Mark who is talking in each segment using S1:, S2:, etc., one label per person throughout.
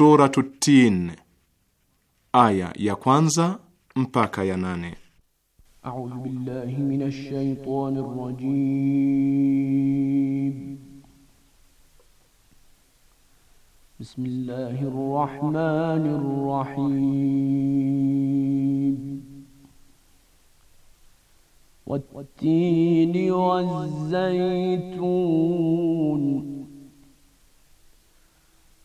S1: Suratu Tin, aya ya kwanza mpaka ya nane.
S2: A'udhu billahi minash rajim. Bismillahir rahmanir rahim. Wat-tini waz-zaytun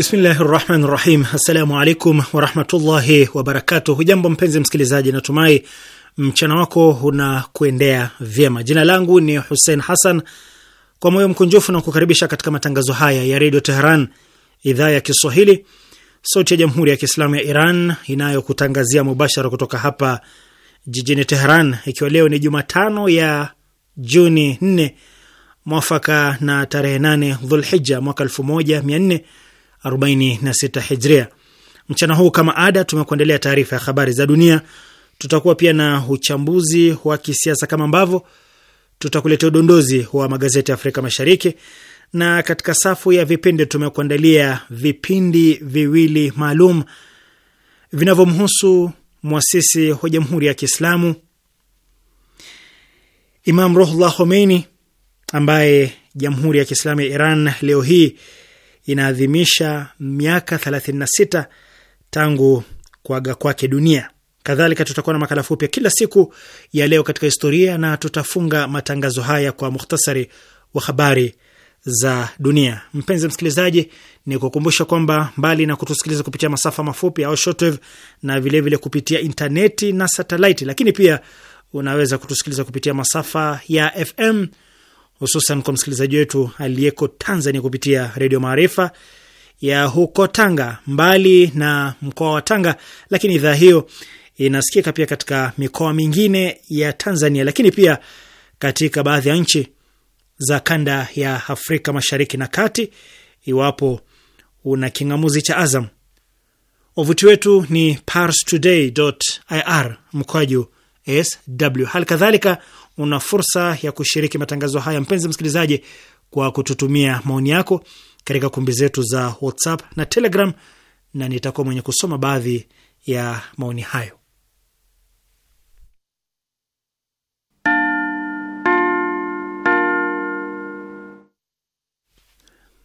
S3: Bismillahi rahmani rahim. Assalamu alaikum warahmatullahi wabarakatuh. Hujambo mpenzi msikilizaji, natumai mchana wako una kuendea vyema. Jina langu ni Hussein Hassan, kwa moyo mkunjufu na kukaribisha katika matangazo haya ya redio Teheran, idhaa ya Kiswahili, sauti ya jamhuri ya kiislamu ya Iran inayokutangazia mubashara kutoka hapa jijini Teheran, ikiwa leo ni Jumatano ya Juni 4 mwafaka na tarehe 8 Dhulhija mwaka 46 hijria. Mchana huu kama ada, tumekuandalia taarifa ya habari za dunia, tutakuwa pia na uchambuzi wa kisiasa kama ambavyo tutakuletea udondozi wa magazeti ya Afrika Mashariki, na katika safu ya vipindi tumekuandalia vipindi viwili maalum vinavyomhusu mwasisi wa Jamhuri ya Kiislamu Imam Ruhullah Khomeini ambaye Jamhuri ya Kiislamu ya Iran leo hii inaadhimisha miaka 36 tangu kuaga kwake dunia. Kadhalika, tutakuwa na makala fupi kila siku ya leo katika historia, na tutafunga matangazo haya kwa muhtasari wa habari za dunia. Mpenzi msikilizaji, ni kukumbusha kwamba mbali na kutusikiliza kupitia masafa mafupi au shortwave, na vilevile vile kupitia intaneti na satelaiti, lakini pia unaweza kutusikiliza kupitia masafa ya FM hususan kwa msikilizaji wetu aliyeko Tanzania kupitia Redio Maarifa ya huko Tanga, mbali na mkoa wa Tanga, lakini idhaa hiyo inasikika pia katika mikoa mingine ya Tanzania, lakini pia katika baadhi ya nchi za kanda ya Afrika Mashariki na Kati, iwapo una kingamuzi cha Azam. Wavuti wetu ni parstoday.ir mkwaju sw. Hali kadhalika una fursa ya kushiriki matangazo haya, mpenzi msikilizaji, kwa kututumia maoni yako katika kumbi zetu za WhatsApp na Telegram, na nitakuwa mwenye kusoma baadhi ya maoni hayo.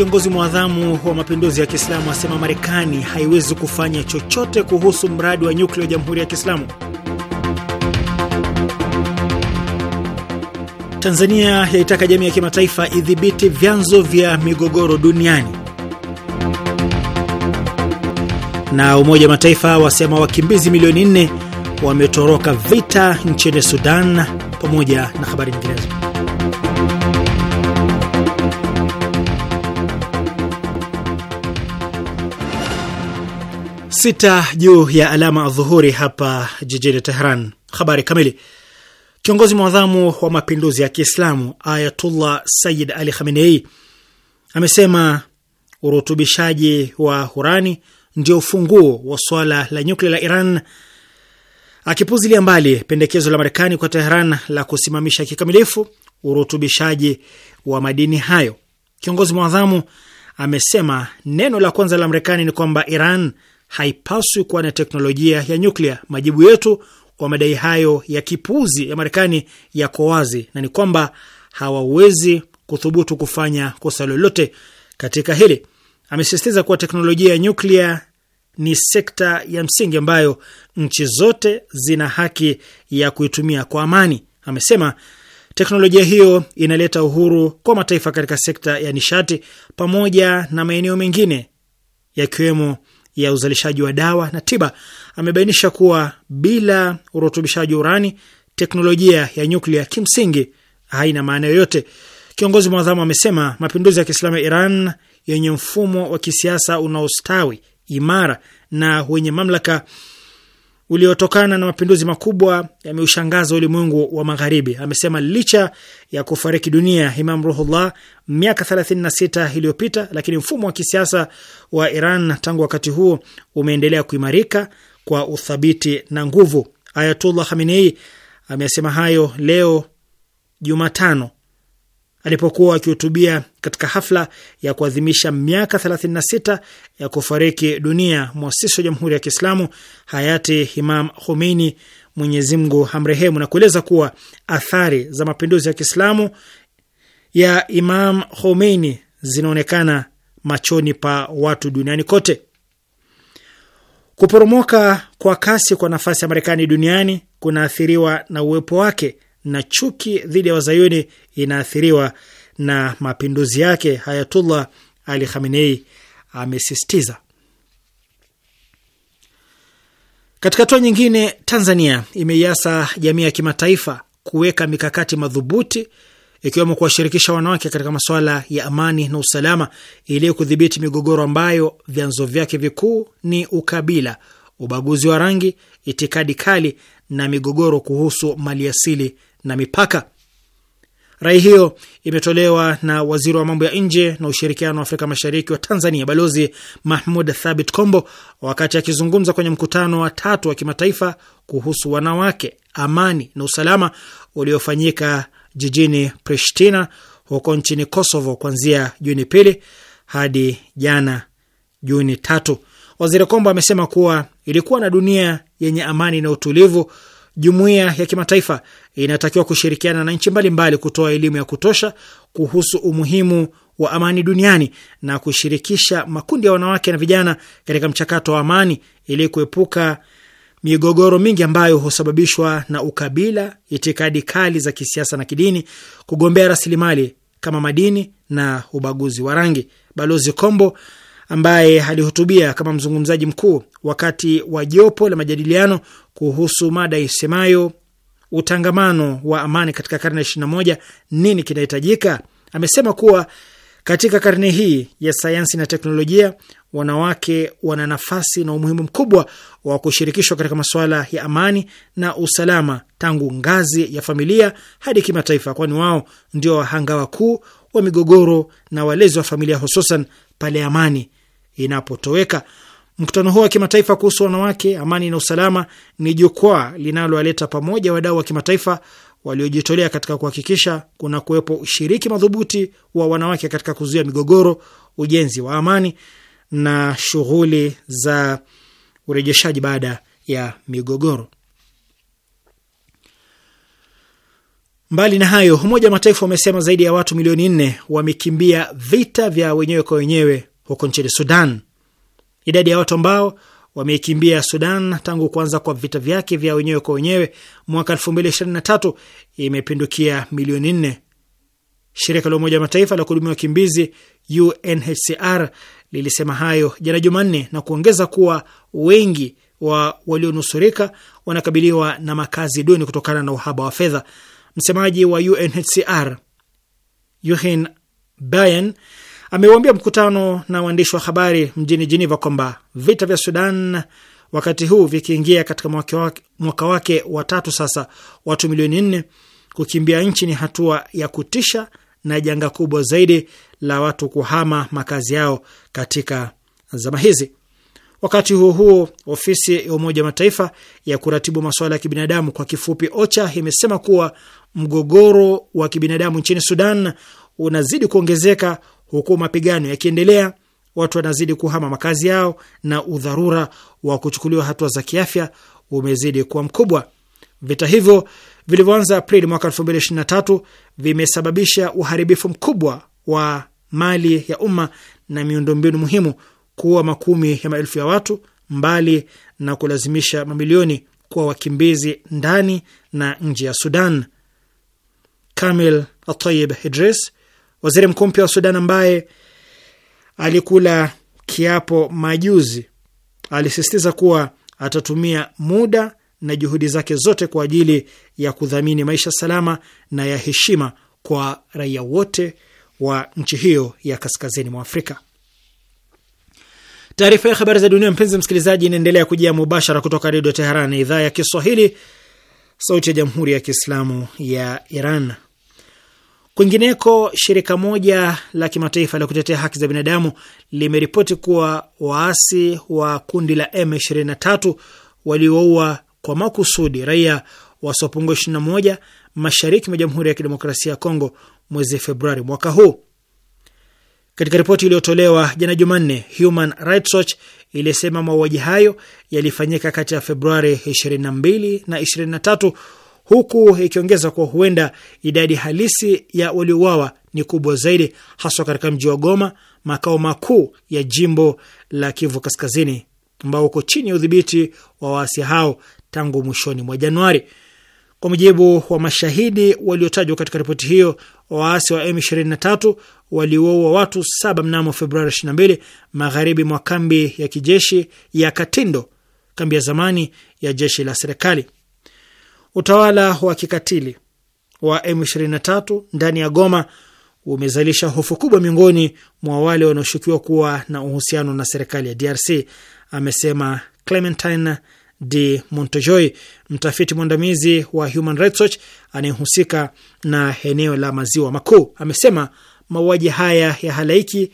S3: Kiongozi mwadhamu wa mapinduzi ya Kiislamu asema Marekani haiwezi kufanya chochote kuhusu mradi wa nyuklia wa Jamhuri ya Kiislamu. Tanzania yaitaka jamii ya kimataifa idhibiti vyanzo vya migogoro duniani. Na Umoja wa Mataifa wasema wakimbizi milioni nne wametoroka vita nchini Sudan, pamoja na habari nyinginezo. sita juu ya alama adhuhuri hapa jijini Tehran. Habari kamili. Kiongozi mwadhamu wa mapinduzi ya Kiislamu Ayatullah Sayyid Ali Khamenei amesema urutubishaji wa urani ndio ufunguo wa swala la nyuklia la Iran, akipuzilia mbali pendekezo la Marekani kwa Tehran la kusimamisha kikamilifu urutubishaji wa madini hayo. Kiongozi mwadhamu amesema neno la kwanza la Marekani ni kwamba Iran haipaswi kuwa na teknolojia ya nyuklia. Majibu yetu kwa madai hayo ya kipuuzi ya Marekani yako wazi na ni kwamba hawawezi kuthubutu kufanya kosa lolote katika hili. Amesisitiza kuwa teknolojia ya nyuklia ni sekta ya msingi ambayo nchi zote zina haki ya kuitumia kwa amani. Amesema teknolojia hiyo inaleta uhuru kwa mataifa katika sekta ya nishati pamoja na maeneo mengine yakiwemo ya uzalishaji wa dawa na tiba amebainisha kuwa bila urutubishaji urani teknolojia ya nyuklia kimsingi haina maana yoyote. Kiongozi mwadhamu amesema mapinduzi ya Kiislamu ya Iran yenye mfumo wa kisiasa unaostawi imara na wenye mamlaka uliotokana na mapinduzi makubwa yameushangaza ulimwengu wa Magharibi. Amesema licha ya kufariki dunia Imam Ruhullah miaka 36 iliyopita, lakini mfumo wa kisiasa wa Iran tangu wakati huo umeendelea kuimarika kwa uthabiti na nguvu. Ayatullah Khamenei amesema hayo leo Jumatano alipokuwa akihutubia katika hafla ya kuadhimisha miaka 36 ya kufariki dunia mwasisi wa Jamhuri ya Kiislamu hayati Imam Khomeini, Mwenyezi Mungu amrehemu, na kueleza kuwa athari za mapinduzi ya Kiislamu ya Imam Khomeini zinaonekana machoni pa watu duniani kote. Kuporomoka kwa kasi kwa nafasi ya Marekani duniani kunaathiriwa na uwepo wake na chuki dhidi ya wazayuni inaathiriwa na mapinduzi yake, Hayatullah Ali Khamenei amesisitiza. Katika hatua nyingine, Tanzania imeiasa jamii ya kimataifa kuweka mikakati madhubuti ikiwemo kuwashirikisha wanawake katika masuala ya amani na usalama ili kudhibiti migogoro ambayo vyanzo vyake vikuu ni ukabila, ubaguzi wa rangi, itikadi kali na migogoro kuhusu maliasili na mipaka. Rai hiyo imetolewa na waziri wa mambo ya nje na ushirikiano wa Afrika Mashariki wa Tanzania, Balozi Mahmud Thabit Kombo, wakati akizungumza kwenye mkutano wa tatu wa kimataifa kuhusu wanawake, amani na usalama uliofanyika jijini Pristina huko nchini Kosovo kuanzia Juni pili hadi jana Juni tatu. Waziri Kombo amesema kuwa ilikuwa na dunia yenye amani na utulivu Jumuiya ya kimataifa inatakiwa kushirikiana na nchi mbalimbali kutoa elimu ya kutosha kuhusu umuhimu wa amani duniani na kushirikisha makundi ya wanawake na vijana katika mchakato wa amani ili kuepuka migogoro mingi ambayo husababishwa na ukabila, itikadi kali za kisiasa na kidini, kugombea rasilimali kama madini na ubaguzi wa rangi. Balozi Kombo ambaye alihutubia kama mzungumzaji mkuu wakati wa jopo la majadiliano kuhusu mada isemayo utangamano wa amani katika karne ya 21, nini kinahitajika, amesema kuwa katika karne hii ya sayansi na teknolojia wanawake wana nafasi na umuhimu mkubwa wa kushirikishwa katika masuala ya amani na usalama tangu ngazi ya familia hadi kimataifa, kwani wao ndio wahanga wakuu wa migogoro na walezi wa familia, hususan pale amani inapotoweka. Mkutano huo wa kimataifa kuhusu wanawake, amani na usalama ni jukwaa linalowaleta pamoja wadau wa kimataifa waliojitolea katika kuhakikisha kuna kuwepo ushiriki madhubuti wa wanawake katika kuzuia migogoro, ujenzi wa amani na shughuli za urejeshaji baada ya migogoro. Mbali na hayo, Umoja wa Mataifa umesema zaidi ya watu milioni nne wamekimbia vita vya wenyewe kwa wenyewe huko nchini Sudan. Idadi ya watu ambao wameikimbia Sudan tangu kuanza kwa vita vyake vya wenyewe kwa wenyewe mwaka 2023 imepindukia milioni nne. Shirika la Umoja wa Mataifa la kuhudumia wakimbizi UNHCR lilisema hayo jana Jumanne na kuongeza kuwa wengi wa walionusurika wanakabiliwa na makazi duni kutokana na uhaba wa fedha. Msemaji wa UNHCR Yuhin Bayan amewambia mkutano na waandishi wa habari mjini Geneva kwamba vita vya Sudan wakati huu vikiingia katika mwaka wake, mwaka wake wa tatu sasa, watu milioni nne kukimbia nchi ni hatua ya kutisha na janga kubwa zaidi la watu kuhama makazi yao katika zama hizi. Wakati huo huo, ofisi ya Umoja wa Mataifa ya kuratibu masuala ya kibinadamu kwa kifupi OCHA imesema kuwa mgogoro wa kibinadamu nchini Sudan unazidi kuongezeka Huku mapigano yakiendelea, watu wanazidi kuhama makazi yao na udharura wa kuchukuliwa hatua za kiafya umezidi kuwa mkubwa. Vita hivyo vilivyoanza Aprili mwaka 2023 vimesababisha uharibifu mkubwa wa mali ya umma na miundombinu muhimu, kuwa makumi ya maelfu ya watu, mbali na kulazimisha mamilioni kuwa wakimbizi ndani na nje ya Sudan. Kamil Atayib Idris Waziri mkuu mpya wa Sudan ambaye alikula kiapo majuzi alisisitiza kuwa atatumia muda na juhudi zake zote kwa ajili ya kudhamini maisha salama na ya heshima kwa raia wote wa nchi hiyo ya kaskazini mwa Afrika. Taarifa ya habari za dunia, mpenzi msikilizaji, inaendelea kujia mubashara kutoka Redio Teheran, idhaa ya Kiswahili, sauti ya jamhuri ya kiislamu ya Iran. Kwingineko, shirika moja la kimataifa la kutetea haki za binadamu limeripoti kuwa waasi wa kundi la M23 walioua kwa makusudi raia wasiopungua 21 mashariki mwa Jamhuri ya Kidemokrasia ya Kongo mwezi Februari mwaka huu. Katika ripoti iliyotolewa jana Jumanne, Human Rights Watch ilisema mauaji hayo yalifanyika kati ya Februari 22 na 23 huku ikiongeza kuwa huenda idadi halisi ya waliouawa ni kubwa zaidi, haswa katika mji wa Goma, makao makuu ya jimbo la Kivu Kaskazini, ambao uko chini ya udhibiti wa waasi hao tangu mwishoni mwa Januari. Kwa mujibu wa mashahidi waliotajwa katika ripoti hiyo, waasi wa M23 waliwaua watu saba mnamo Februari 22 magharibi mwa kambi ya kijeshi ya Katindo, kambi ya zamani ya jeshi la serikali. Utawala wa kikatili wa M23 ndani ya Goma umezalisha hofu kubwa miongoni mwa wale wanaoshukiwa kuwa na uhusiano na serikali ya DRC, amesema Clementine de montejoi mtafiti mwandamizi wa Human Rights Watch anayehusika na eneo la maziwa makuu. Amesema mauaji haya ya halaiki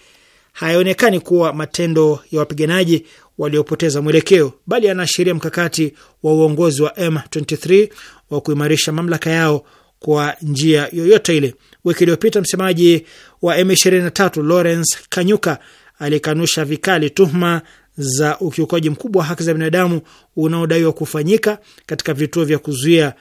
S3: hayaonekani kuwa matendo ya wapiganaji waliopoteza mwelekeo, bali anaashiria mkakati wa uongozi wa M23 wa kuimarisha mamlaka yao kwa njia yoyote ile. Wiki iliyopita msemaji wa M23 Lawrence Kanyuka alikanusha vikali tuhuma za ukiukaji mkubwa wa haki za binadamu unaodaiwa kufanyika katika vituo vya kuzuia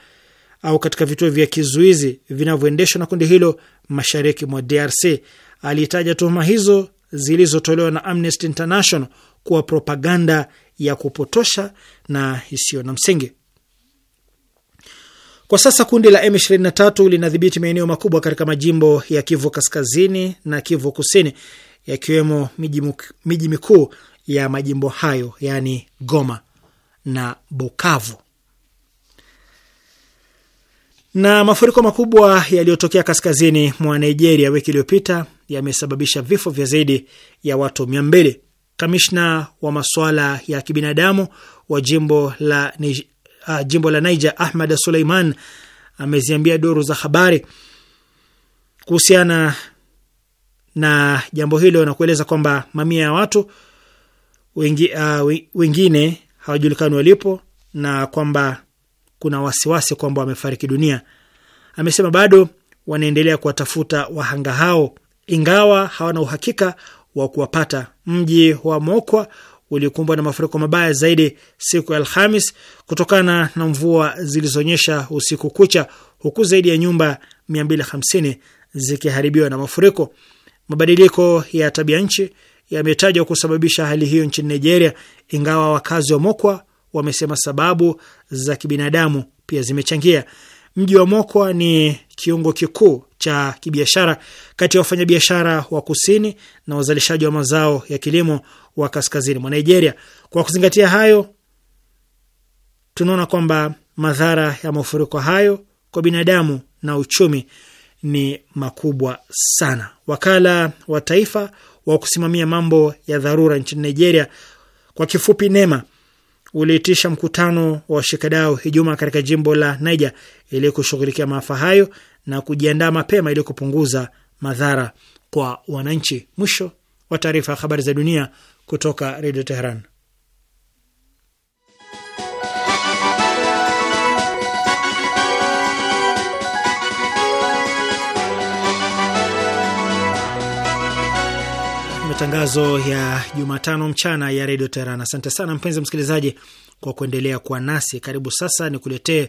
S3: au katika vituo vya kizuizi vinavyoendeshwa na kundi hilo mashariki mwa DRC. Alitaja tuhuma hizo zilizotolewa na Amnesty International kuwa propaganda ya kupotosha na isiyo na msingi. Kwa sasa kundi la M23 linadhibiti maeneo makubwa katika majimbo ya Kivu Kaskazini na Kivu Kusini, yakiwemo miji mikuu ya majimbo hayo, yaani Goma na Bukavu. Na mafuriko makubwa yaliyotokea kaskazini mwa Nigeria wiki iliyopita yamesababisha vifo vya zaidi ya watu mia mbili. Kamishna wa masuala ya kibinadamu wa jimbo la, uh, jimbo la Niger Ahmad Suleiman ameziambia duru za habari kuhusiana na jambo hilo na kueleza kwamba mamia ya watu wengi, uh, wengine hawajulikani walipo na kwamba kuna wasiwasi kwamba wamefariki dunia. Amesema bado wanaendelea kuwatafuta wahanga hao ingawa hawana uhakika wa kuwapata. Mji wa Mokwa ulikumbwa na mafuriko mabaya zaidi siku ya Alhamis kutokana na mvua zilizonyesha usiku kucha, huku zaidi ya nyumba 250 zikiharibiwa na mafuriko. Mabadiliko ya tabia nchi yametajwa kusababisha hali hiyo nchini Nigeria, ingawa wakazi wa Mokwa wamesema sababu za kibinadamu pia zimechangia. Mji wa Mokwa ni kiungo kikuu cha kibiashara kati ya wafanyabiashara wa kusini na wazalishaji wa mazao ya kilimo wa kaskazini mwa Nigeria. Kwa kuzingatia hayo, tunaona kwamba madhara ya mafuriko hayo kwa binadamu na uchumi ni makubwa sana. Wakala wa Taifa wa kusimamia mambo ya dharura nchini Nigeria, kwa kifupi NEMA, uliitisha mkutano wa washikadau Ijumaa katika jimbo la Niger ili kushughulikia maafa hayo na kujiandaa mapema ili kupunguza madhara kwa wananchi. Mwisho wa taarifa ya habari za dunia kutoka Redio Teheran. matangazo ya Jumatano mchana ya redio Teheran. Asante sana mpenzi msikilizaji kwa kuendelea kuwa nasi. Karibu sasa ni kuletee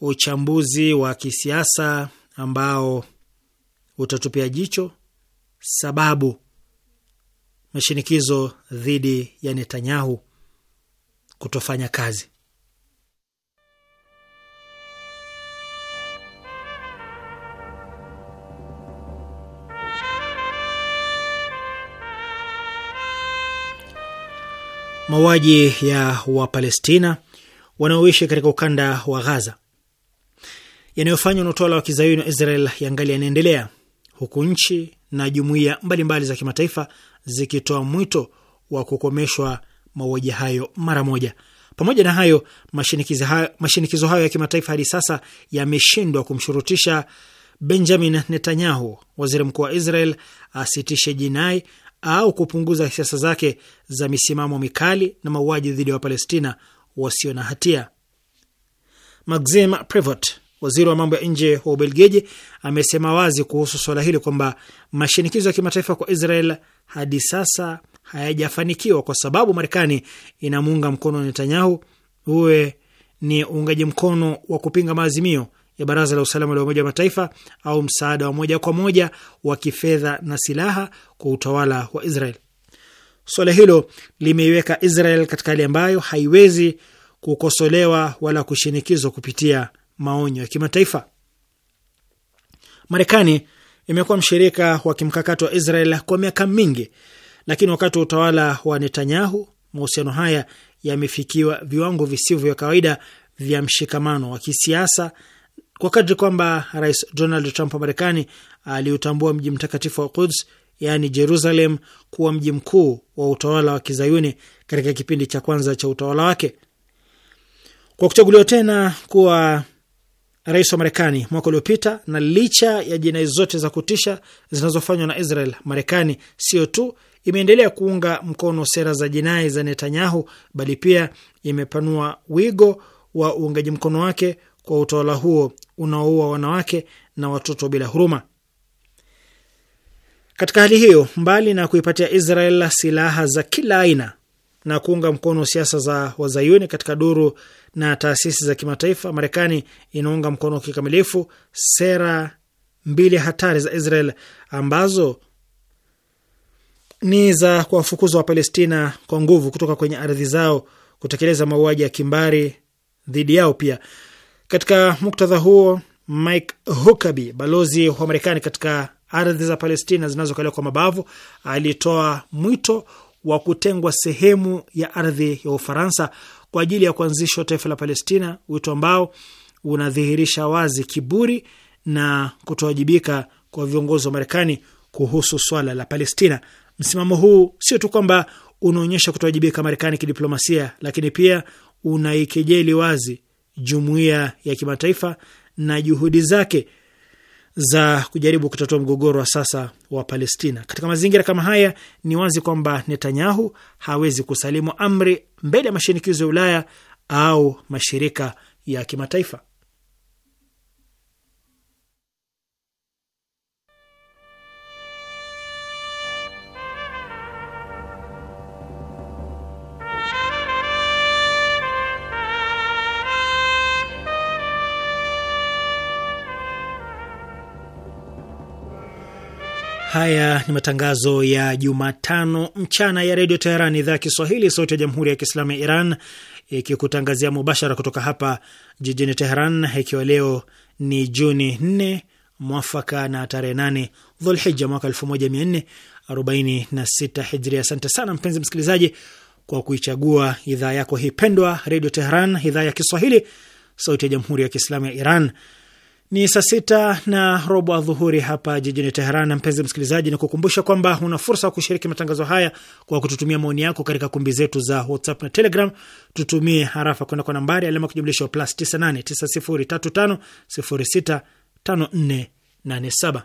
S3: uchambuzi wa kisiasa ambao utatupia jicho sababu mashinikizo dhidi ya Netanyahu kutofanya kazi. mauaji ya Wapalestina wanaoishi katika ukanda wa Ghaza yanayofanywa na utawala wa kizayuni wa Israel yangali yanaendelea huku nchi na jumuiya mbalimbali za kimataifa zikitoa mwito wa kukomeshwa mauaji hayo mara moja. Pamoja na hayo, mashinikizo hayo ya kimataifa hadi sasa yameshindwa kumshurutisha Benjamin Netanyahu, waziri mkuu wa Israel, asitishe jinai au kupunguza siasa zake za misimamo mikali na mauaji dhidi ya Wapalestina wasio na hatia. Maxime Prevot, waziri wa mambo ya nje wa Ubelgiji, amesema wazi kuhusu suala hili kwamba mashinikizo ya kimataifa kwa Israel hadi sasa hayajafanikiwa kwa sababu Marekani inamuunga mkono Netanyahu, uwe ni uungaji mkono wa kupinga maazimio ya Baraza la Usalama la Umoja wa Mataifa au msaada wa moja kwa moja wa kifedha na silaha kwa utawala wa Israel. Suala hilo limeiweka Israel katika hali ambayo haiwezi kukosolewa wala kushinikizwa kupitia maonyo ya kimataifa. Marekani imekuwa mshirika wa kimkakati wa Israel kwa miaka mingi, lakini wakati wa utawala wa Netanyahu mahusiano haya yamefikiwa viwango visivyo vya kawaida vya mshikamano wa kisiasa kwa kadri kwamba Rais Donald Trump wa Marekani aliutambua mji mtakatifu wa Quds yaani Jerusalem kuwa mji mkuu wa utawala wa kizayuni katika kipindi cha kwanza cha utawala wake. Kwa kuchaguliwa tena kuwa rais wa Marekani mwaka uliopita, na licha ya jinai zote za kutisha zinazofanywa na Israel, Marekani sio tu imeendelea kuunga mkono sera za jinai za Netanyahu, bali pia imepanua wigo wa uungaji mkono wake kwa utawala huo unaoua wanawake na watoto bila huruma. Katika hali hiyo, mbali na kuipatia Israel silaha za kila aina na kuunga mkono siasa za wazayuni katika duru na taasisi za kimataifa, Marekani inaunga mkono kikamilifu sera mbili hatari za Israel ambazo ni za kuwafukuza Wapalestina kwa nguvu kutoka kwenye ardhi zao, kutekeleza mauaji ya kimbari dhidi yao, pia katika muktadha huo, Mike Huckabee, balozi wa Marekani katika ardhi za Palestina zinazokaliwa kwa mabavu, alitoa mwito wa kutengwa sehemu ya ardhi ya Ufaransa kwa ajili ya kuanzishwa taifa la Palestina, wito ambao unadhihirisha wazi kiburi na kutowajibika kwa viongozi wa Marekani kuhusu swala la Palestina. Msimamo huu sio tu kwamba unaonyesha kutowajibika Marekani kidiplomasia, lakini pia unaikejeli wazi jumuiya ya kimataifa na juhudi zake za kujaribu kutatua mgogoro wa sasa wa Palestina. Katika mazingira kama haya, ni wazi kwamba Netanyahu hawezi kusalimu amri mbele ya mashinikizo ya Ulaya au mashirika ya kimataifa. Haya ni matangazo ya Jumatano mchana ya Redio Teheran, idhaa ya Kiswahili, sauti ya Jamhuri ya Kiislamu ya Iran, ikikutangazia mubashara kutoka hapa jijini Teheran, ikiwa leo ni Juni 4 mwafaka na tarehe 8 Dhulhija mwaka 1446 Hijria. Asante sana mpenzi msikilizaji kwa kuichagua idhaa yako hii pendwa, Redio Teheran, idhaa ya Kiswahili, sauti ya Jamhuri ya Kiislamu ya Iran ni saa sita na robo adhuhuri hapa jijini Teheran. Mpenzi msikilizaji, ni kukumbusha kwamba una fursa ya kushiriki matangazo haya kwa kututumia maoni yako katika kumbi zetu za WhatsApp na Telegram. Tutumie harafa kwenda kwa nambari alama kujumlisha plus 98 9035065487.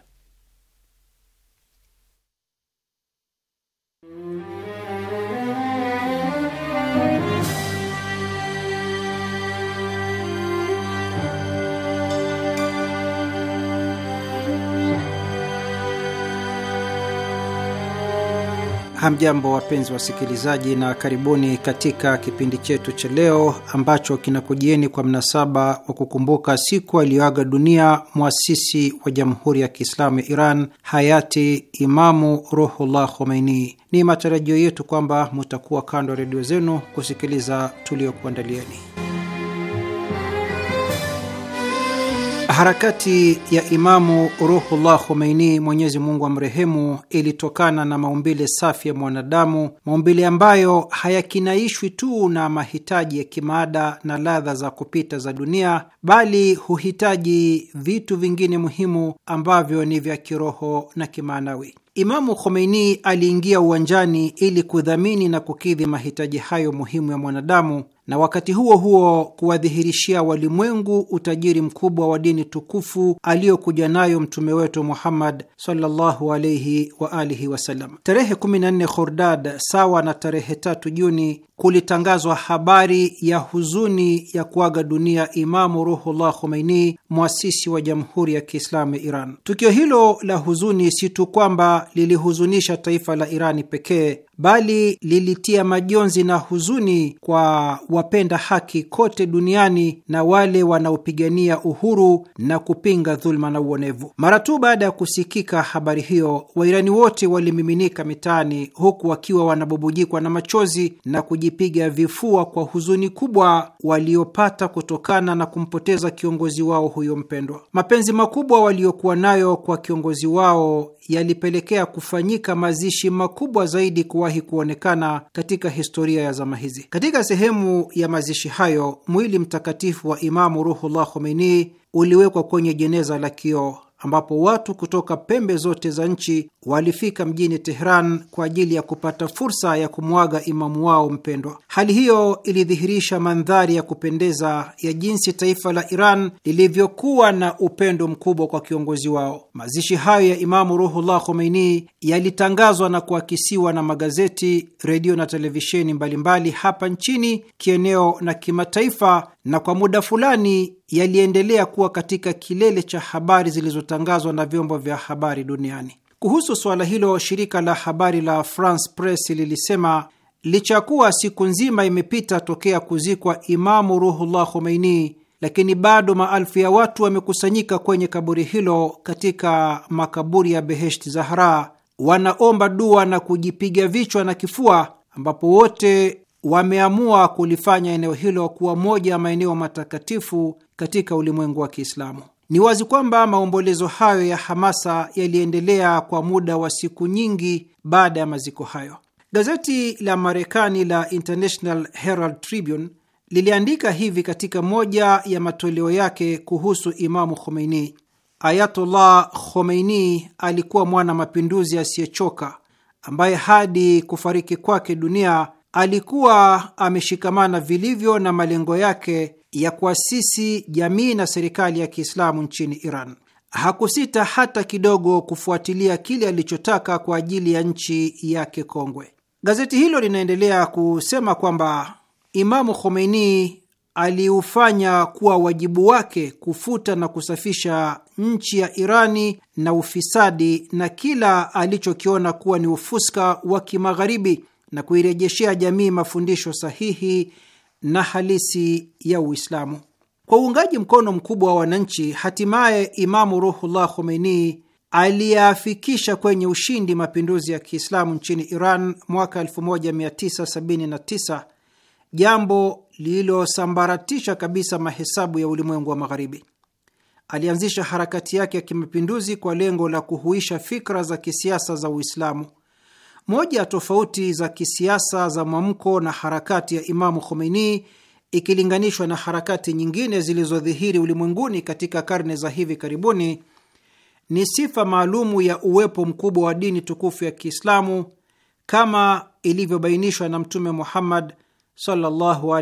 S4: Hamjambo, wapenzi wasikilizaji, na karibuni katika kipindi chetu cha leo ambacho kinakujieni kwa mnasaba wa kukumbuka siku aliyoaga dunia mwasisi wa Jamhuri ya Kiislamu ya Iran, hayati Imamu Ruhullah Khomeini. Ni matarajio yetu kwamba mutakuwa kando ya redio zenu kusikiliza tuliokuandalieni. Harakati ya Imamu Ruhullah Khomeini, Mwenyezi Mungu amrehemu, ilitokana na maumbile safi ya mwanadamu, maumbile ambayo hayakinaishwi tu na mahitaji ya kimaada na ladha za kupita za dunia, bali huhitaji vitu vingine muhimu ambavyo ni vya kiroho na kimaanawi. Imamu Khomeini aliingia uwanjani ili kudhamini na kukidhi mahitaji hayo muhimu ya mwanadamu na wakati huo huo kuwadhihirishia walimwengu utajiri mkubwa wa dini tukufu aliyokuja nayo mtume wetu Muhammad sallallahu alaihi wa alihi wasallam. Tarehe 14 Khordad sawa na tarehe tatu Juni kulitangazwa habari ya huzuni ya kuaga dunia Imamu Ruhullah Khomeini, mwasisi wa Jamhuri ya Kiislamu ya Iran. Tukio hilo la huzuni si tu kwamba lilihuzunisha taifa la Irani pekee bali lilitia majonzi na huzuni kwa wapenda haki kote duniani na wale wanaopigania uhuru na kupinga dhuluma na uonevu. Mara tu baada ya kusikika habari hiyo, Wairani wote walimiminika mitaani, huku wakiwa wanabubujikwa na machozi na kujipiga vifua kwa huzuni kubwa waliopata kutokana na kumpoteza kiongozi wao huyo mpendwa. Mapenzi makubwa waliokuwa nayo kwa kiongozi wao yalipelekea kufanyika mazishi makubwa zaidi kuwahi kuonekana katika historia ya zama hizi. Katika sehemu ya mazishi hayo, mwili mtakatifu wa Imamu Ruhullah Khomeini uliwekwa kwenye jeneza la kioo ambapo watu kutoka pembe zote za nchi walifika mjini Tehran kwa ajili ya kupata fursa ya kumwaga imamu wao mpendwa. Hali hiyo ilidhihirisha mandhari ya kupendeza ya jinsi taifa la Iran lilivyokuwa na upendo mkubwa kwa kiongozi wao. Mazishi hayo ya Imamu Ruhullah Khomeini yalitangazwa na kuakisiwa na magazeti, redio na televisheni mbalimbali hapa nchini, kieneo na kimataifa, na kwa muda fulani yaliendelea kuwa katika kilele cha habari zilizotangazwa na vyombo vya habari duniani. Kuhusu suala hilo, shirika la habari la France Press lilisema licha kuwa siku nzima imepita tokea kuzikwa Imamu Ruhullah Khomeini, lakini bado maelfu ya watu wamekusanyika kwenye kaburi hilo katika makaburi ya Beheshti Zahra, wanaomba dua na kujipiga vichwa na kifua, ambapo wote wameamua kulifanya eneo hilo kuwa moja ya maeneo matakatifu katika ulimwengu wa Kiislamu. Ni wazi kwamba maombolezo hayo ya hamasa yaliendelea kwa muda wa siku nyingi baada ya maziko hayo. Gazeti la Marekani la International Herald Tribune liliandika hivi katika moja ya matoleo yake kuhusu Imamu Khomeini: Ayatollah Khomeini alikuwa mwana mapinduzi asiyechoka ambaye hadi kufariki kwake dunia alikuwa ameshikamana vilivyo na malengo yake ya kuasisi jamii na serikali ya Kiislamu nchini Iran. Hakusita hata kidogo kufuatilia kile alichotaka kwa ajili ya nchi yake kongwe. Gazeti hilo linaendelea kusema kwamba Imamu Khomeini aliufanya kuwa wajibu wake kufuta na kusafisha nchi ya Irani na ufisadi na kila alichokiona kuwa ni ufuska wa kimagharibi na kuirejeshea jamii mafundisho sahihi na halisi ya Uislamu. Kwa uungaji mkono mkubwa wa wananchi, hatimaye Imamu Ruhullah Khomeini aliyeafikisha kwenye ushindi mapinduzi ya Kiislamu nchini Iran mwaka 1979, jambo lililosambaratisha kabisa mahesabu ya ulimwengu wa Magharibi. Alianzisha harakati yake ya kimapinduzi kwa lengo la kuhuisha fikra za kisiasa za Uislamu moja ya tofauti za kisiasa za mwamko na harakati ya Imamu Khomeini ikilinganishwa na harakati nyingine zilizodhihiri ulimwenguni katika karne za hivi karibuni ni sifa maalumu ya uwepo mkubwa wa dini tukufu ya Kiislamu kama ilivyobainishwa na Mtume Muhammad sallallahu wa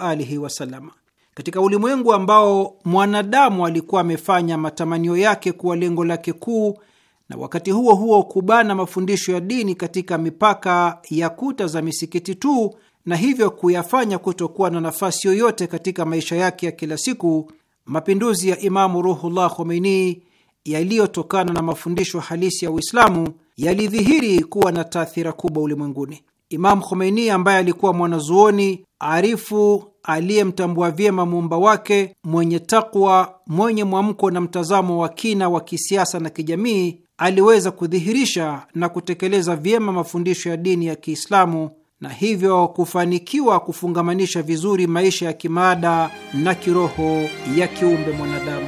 S4: alihi wasallam. Katika ulimwengu ambao mwanadamu alikuwa amefanya matamanio yake kuwa lengo lake kuu na wakati huo huo kubana mafundisho ya dini katika mipaka ya kuta za misikiti tu, na hivyo kuyafanya kutokuwa na nafasi yoyote katika maisha yake ya kila siku. Mapinduzi ya Imamu Ruhullah Khomeini yaliyotokana na mafundisho halisi ya Uislamu yalidhihiri kuwa na taathira kubwa ulimwenguni. Imamu Khomeini ambaye alikuwa mwanazuoni arifu aliyemtambua vyema muumba wake, mwenye takwa, mwenye mwamko na mtazamo wa kina wa kisiasa na kijamii, aliweza kudhihirisha na kutekeleza vyema mafundisho ya dini ya Kiislamu na hivyo kufanikiwa kufungamanisha vizuri maisha ya kimaada na kiroho ya kiumbe mwanadamu.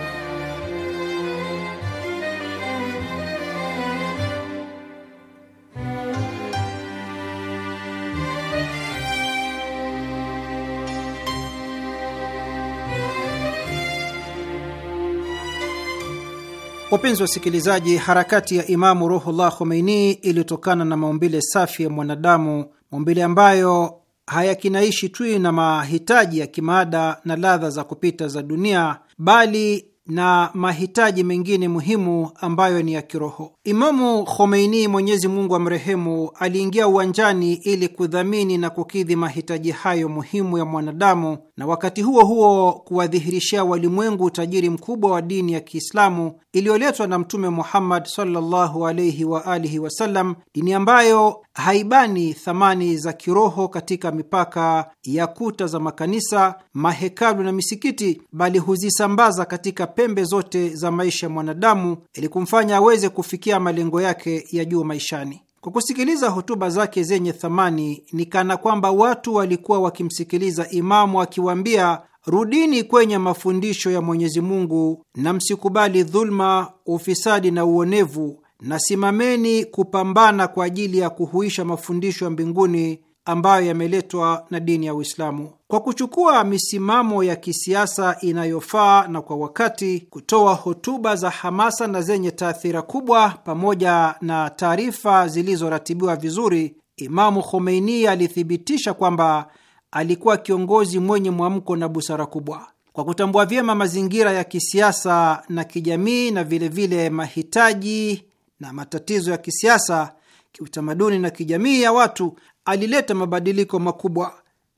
S4: Wapenzi wasikilizaji, harakati ya Imamu Ruhullah Khomeini ilitokana na maumbile safi ya mwanadamu, maumbile ambayo hayakinaishi tu na mahitaji ya kimaada na ladha za kupita za dunia, bali na mahitaji mengine muhimu ambayo ni ya kiroho. Imamu Khomeini, Mwenyezi Mungu amrehemu, aliingia uwanjani ili kudhamini na kukidhi mahitaji hayo muhimu ya mwanadamu na wakati huo huo kuwadhihirishia walimwengu utajiri mkubwa wa dini ya Kiislamu iliyoletwa na Mtume Muhammad sallallahu alayhi wa alihi wasallam, dini ambayo haibani thamani za kiroho katika mipaka ya kuta za makanisa, mahekalu na misikiti, bali huzisambaza katika pembe zote za maisha ya mwanadamu ili kumfanya aweze kufikia kufikia malengo yake ya juu maishani. Kwa kusikiliza hotuba zake zenye thamani, ni kana kwamba watu walikuwa wakimsikiliza imamu akiwaambia, rudini kwenye mafundisho ya Mwenyezi Mungu na msikubali dhuluma, ufisadi na uonevu, na simameni kupambana kwa ajili ya kuhuisha mafundisho ya mbinguni ambayo yameletwa na dini ya Uislamu kwa kuchukua misimamo ya kisiasa inayofaa na kwa wakati, kutoa hotuba za hamasa na zenye taathira kubwa, pamoja na taarifa zilizoratibiwa vizuri. Imamu Khomeini alithibitisha kwamba alikuwa kiongozi mwenye mwamko na busara kubwa. Kwa kutambua vyema mazingira ya kisiasa na kijamii na vilevile vile mahitaji na matatizo ya kisiasa kiutamaduni na kijamii ya watu, alileta mabadiliko makubwa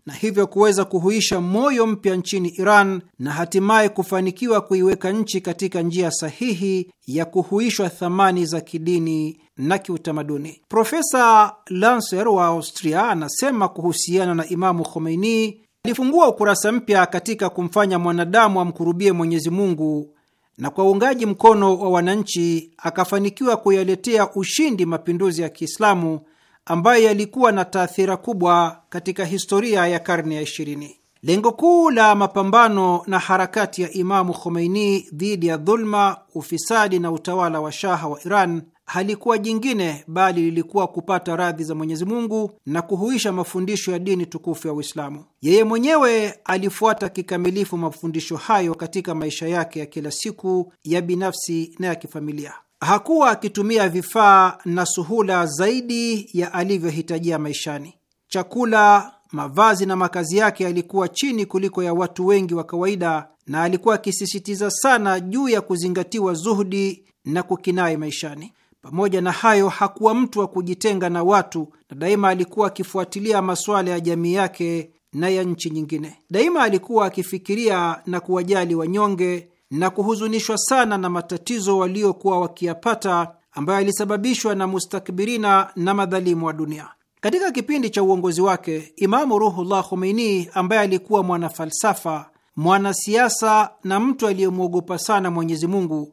S4: na hivyo kuweza kuhuisha moyo mpya nchini Iran na hatimaye kufanikiwa kuiweka nchi katika njia sahihi ya kuhuishwa thamani za kidini na kiutamaduni. Profesa Lancer wa Austria anasema kuhusiana na Imamu Khomeini, alifungua ukurasa mpya katika kumfanya mwanadamu amkurubie Mwenyezi Mungu na kwa uungaji mkono wa wananchi akafanikiwa kuyaletea ushindi mapinduzi ya Kiislamu ambayo yalikuwa na taathira kubwa katika historia ya karne ya ishirini. Lengo kuu la mapambano na harakati ya Imamu Khomeini dhidi ya dhulma, ufisadi na utawala wa shaha wa Iran halikuwa jingine bali lilikuwa kupata radhi za Mwenyezi Mungu na kuhuisha mafundisho ya dini tukufu ya Uislamu. Yeye mwenyewe alifuata kikamilifu mafundisho hayo katika maisha yake ya kila siku ya binafsi na ya kifamilia. Hakuwa akitumia vifaa na suhula zaidi ya alivyohitajia maishani. Chakula, mavazi na makazi yake yalikuwa chini kuliko ya watu wengi wa kawaida, na alikuwa akisisitiza sana juu ya kuzingatiwa zuhudi na kukinai maishani. Pamoja na hayo, hakuwa mtu wa kujitenga na watu na daima alikuwa akifuatilia masuala ya jamii yake na ya nchi nyingine. Daima alikuwa akifikiria na kuwajali wanyonge na kuhuzunishwa sana na matatizo waliokuwa wakiyapata ambayo yalisababishwa na mustakbirina na madhalimu wa dunia. Katika kipindi cha uongozi wake, Imamu Ruhullah Khomeini, ambaye alikuwa mwanafalsafa, mwanasiasa na mtu aliyemwogopa sana Mwenyezi Mungu,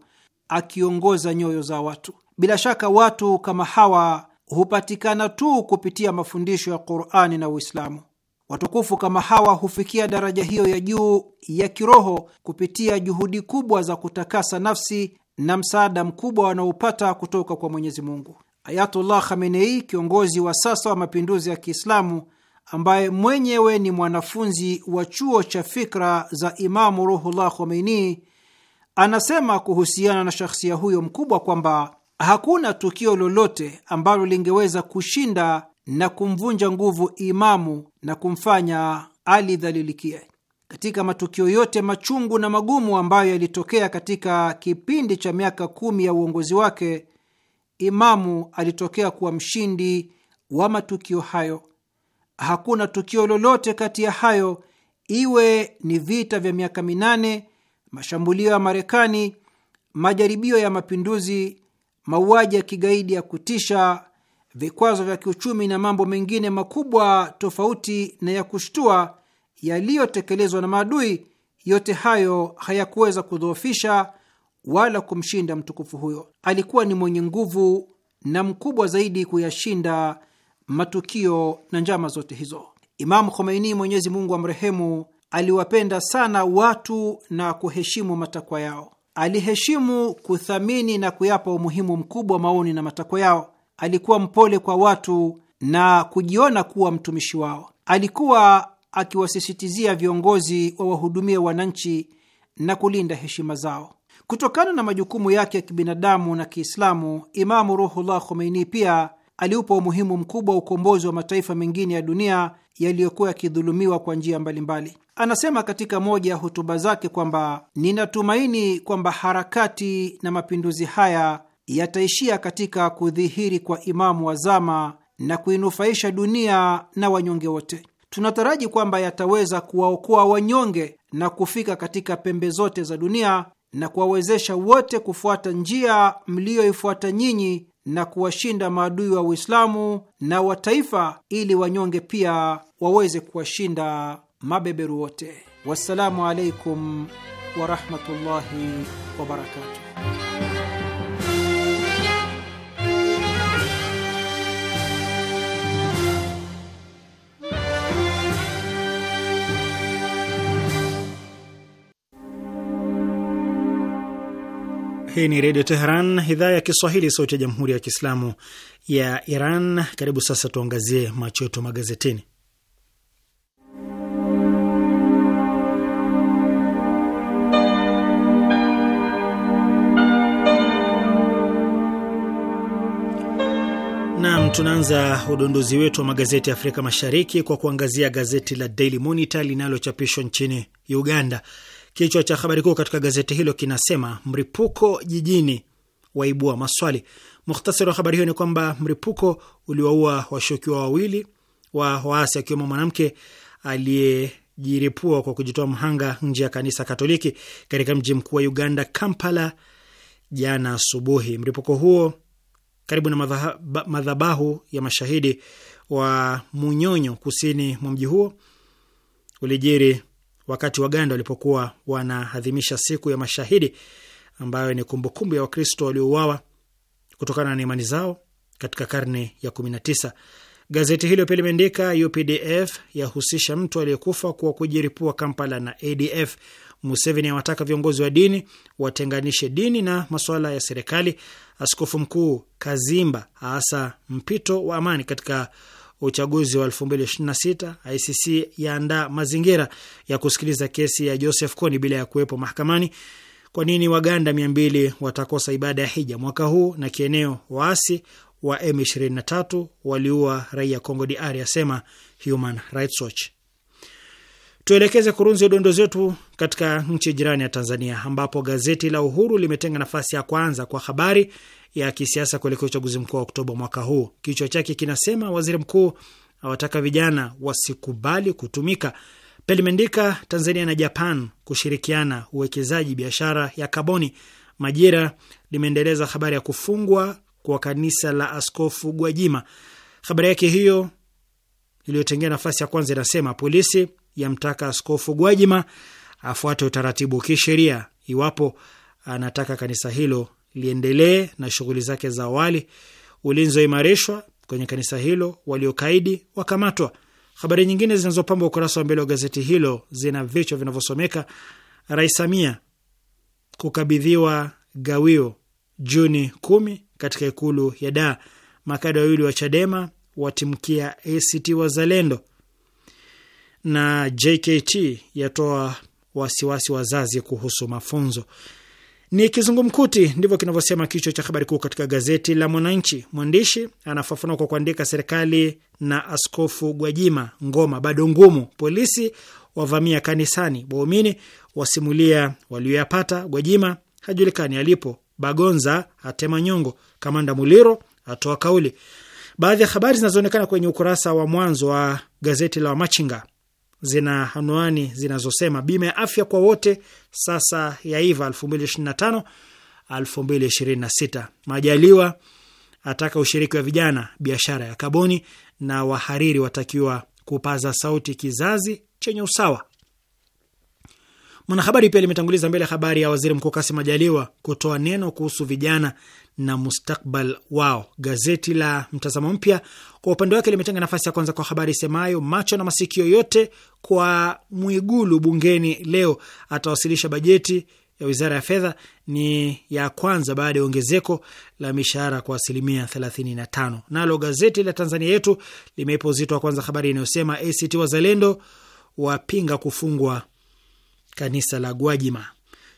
S4: akiongoza nyoyo za watu. Bila shaka watu kama hawa hupatikana tu kupitia mafundisho ya Qur'ani na Uislamu. Watukufu kama hawa hufikia daraja hiyo ya juu ya kiroho kupitia juhudi kubwa za kutakasa nafsi na msaada mkubwa wanaopata kutoka kwa Mwenyezi Mungu. Ayatullah Khamenei, kiongozi wa sasa wa mapinduzi ya Kiislamu, ambaye mwenyewe ni mwanafunzi wa chuo cha fikra za Imamu Ruhullah Khomeini, anasema kuhusiana na shakhsia huyo mkubwa kwamba Hakuna tukio lolote ambalo lingeweza kushinda na kumvunja nguvu Imamu na kumfanya alidhalilikie. Katika matukio yote machungu na magumu ambayo yalitokea katika kipindi cha miaka kumi ya uongozi wake, Imamu alitokea kuwa mshindi wa matukio hayo. Hakuna tukio lolote kati ya hayo, iwe ni vita vya miaka minane, mashambulio ya Marekani, majaribio ya mapinduzi mauaji ya kigaidi ya kutisha, vikwazo vya kiuchumi na mambo mengine makubwa tofauti na ya kushtua yaliyotekelezwa na maadui, yote hayo hayakuweza kudhoofisha wala kumshinda mtukufu huyo. Alikuwa ni mwenye nguvu na mkubwa zaidi kuyashinda matukio na njama zote hizo. Imamu Khomeini, Mwenyezi Mungu amrehemu, aliwapenda sana watu na kuheshimu matakwa yao. Aliheshimu, kuthamini na kuyapa umuhimu mkubwa maoni na matakwa yao. Alikuwa mpole kwa watu na kujiona kuwa mtumishi wao. Alikuwa akiwasisitizia viongozi wa wahudumia wananchi na kulinda heshima zao. Kutokana na majukumu yake ya kibinadamu na Kiislamu, Imamu Ruhullah Khomeini pia aliupa umuhimu mkubwa wa ukombozi wa mataifa mengine ya dunia yaliyokuwa yakidhulumiwa kwa njia mbalimbali. Anasema katika moja ya hotuba zake kwamba ninatumaini kwamba harakati na mapinduzi haya yataishia katika kudhihiri kwa Imamu wa zama na kuinufaisha dunia na wanyonge wote. Tunataraji kwamba yataweza kuwaokoa wanyonge na kufika katika pembe zote za dunia na kuwawezesha wote kufuata njia mliyoifuata nyinyi na kuwashinda maadui wa Uislamu na wataifa ili wanyonge pia waweze kuwashinda mabeberu wote. Wassalamu alaikum warahmatullahi wabarakatuh.
S3: Hii ni Redio Teheran, idhaa ya Kiswahili, sauti ya Jamhuri ya Kiislamu ya Iran. Karibu sasa tuangazie macho yetu magazetini. Nam, tunaanza udondozi wetu wa magazeti ya Afrika Mashariki kwa kuangazia gazeti la Daily Monitor linalochapishwa nchini Uganda. Kichwa cha habari kuu katika gazeti hilo kinasema mripuko jijini waibua maswali. Mukhtasari wa habari hiyo ni kwamba mripuko uliwaua washukiwa wawili wa waasi akiwemo mwanamke aliyejiripua kwa kujitoa mhanga nje ya kanisa Katoliki katika mji mkuu wa Uganda, Kampala, jana asubuhi. Mripuko huo karibu na madhabahu ya mashahidi wa Munyonyo kusini mwa mji huo ulijiri wakati Waganda walipokuwa wanaadhimisha siku ya mashahidi ambayo ni kumbukumbu ya Wakristo waliouawa kutokana na imani zao katika karne ya 19. Gazeti hilo pia limeandika UPDF yahusisha mtu aliyekufa kwa kujiripua Kampala na ADF. Museveni awataka viongozi wa dini watenganishe dini na masuala ya serikali. Askofu Mkuu Kazimba aasa mpito wa amani katika uchaguzi wa 2026, ICC yaandaa mazingira ya kusikiliza kesi ya Joseph Kony bila ya kuwepo mahakamani. Kwa nini Waganda 200 watakosa ibada ya hija mwaka huu? Na kieneo, waasi wa M23 waliua raia Congo DR, yasema Human Rights Watch. Tuelekeze kurunzi ya zetu katika nchi jirani ya Tanzania, ambapo gazeti la Uhuru limetenga nafasi ya kwanza kwa habari ya kisiasa kuelekea uchaguzi mkuu wa Oktoba mwaka huu. Kichwa chake kinasema waziri mkuu awataka vijana wasikubali kutumika. Pelimeandika Tanzania na Japan kushirikiana uwekezaji biashara ya kaboni. Majira limeendeleza habari ya kufungwa kwa kanisa la Askofu Gwajima. Habari yake hiyo iliyotengea nafasi ya kwanza inasema polisi yamtaka Askofu Gwajima afuate utaratibu kisheria iwapo anataka kanisa hilo liendelee na shughuli zake za awali. Ulinzi waimarishwa kwenye kanisa hilo, waliokaidi wakamatwa. Habari nyingine zinazopamba ukurasa wa mbele wa gazeti hilo zina vichwa vinavyosomeka: Rais Samia kukabidhiwa gawio Juni kumi katika ikulu ya Daa, makada wawili wa Chadema watimkia ACT Wazalendo, na JKT yatoa wasiwasi wazazi kuhusu mafunzo. Ni kizungumkuti, ndivyo kinavyosema kichwa cha habari kuu katika gazeti la Mwananchi. Mwandishi anafafanua kwa kuandika, serikali na Askofu Gwajima ngoma bado ngumu, polisi wavamia kanisani, waumini wasimulia walioyapata, Gwajima hajulikani alipo, Bagonza atema nyongo, kamanda Muliro atoa kauli. Baadhi ya habari zinazoonekana kwenye ukurasa wa mwanzo wa gazeti la Wamachinga zina anwani zinazosema bima ya afya kwa wote sasa ya 2025 2026, Majaliwa ataka ushiriki wa vijana biashara ya kaboni, na wahariri watakiwa kupaza sauti kizazi chenye usawa. Mwanahabari pia limetanguliza mbele habari ya waziri mkuu Kasim Majaliwa kutoa neno kuhusu vijana na mustakbal wao. Gazeti la Mtazamo Mpya kwa upande wake limetenga nafasi ya kwanza kwa habari isemayo macho na masikio yote kwa Mwigulu bungeni leo, atawasilisha bajeti ya wizara ya fedha, ni ya kwanza baada ya ongezeko la mishahara kwa asilimia 35. Nalo gazeti la Tanzania Yetu limeipa uzito wa kwanza habari inayosema ACT Wazalendo wapinga kufungwa kanisa la Gwajima.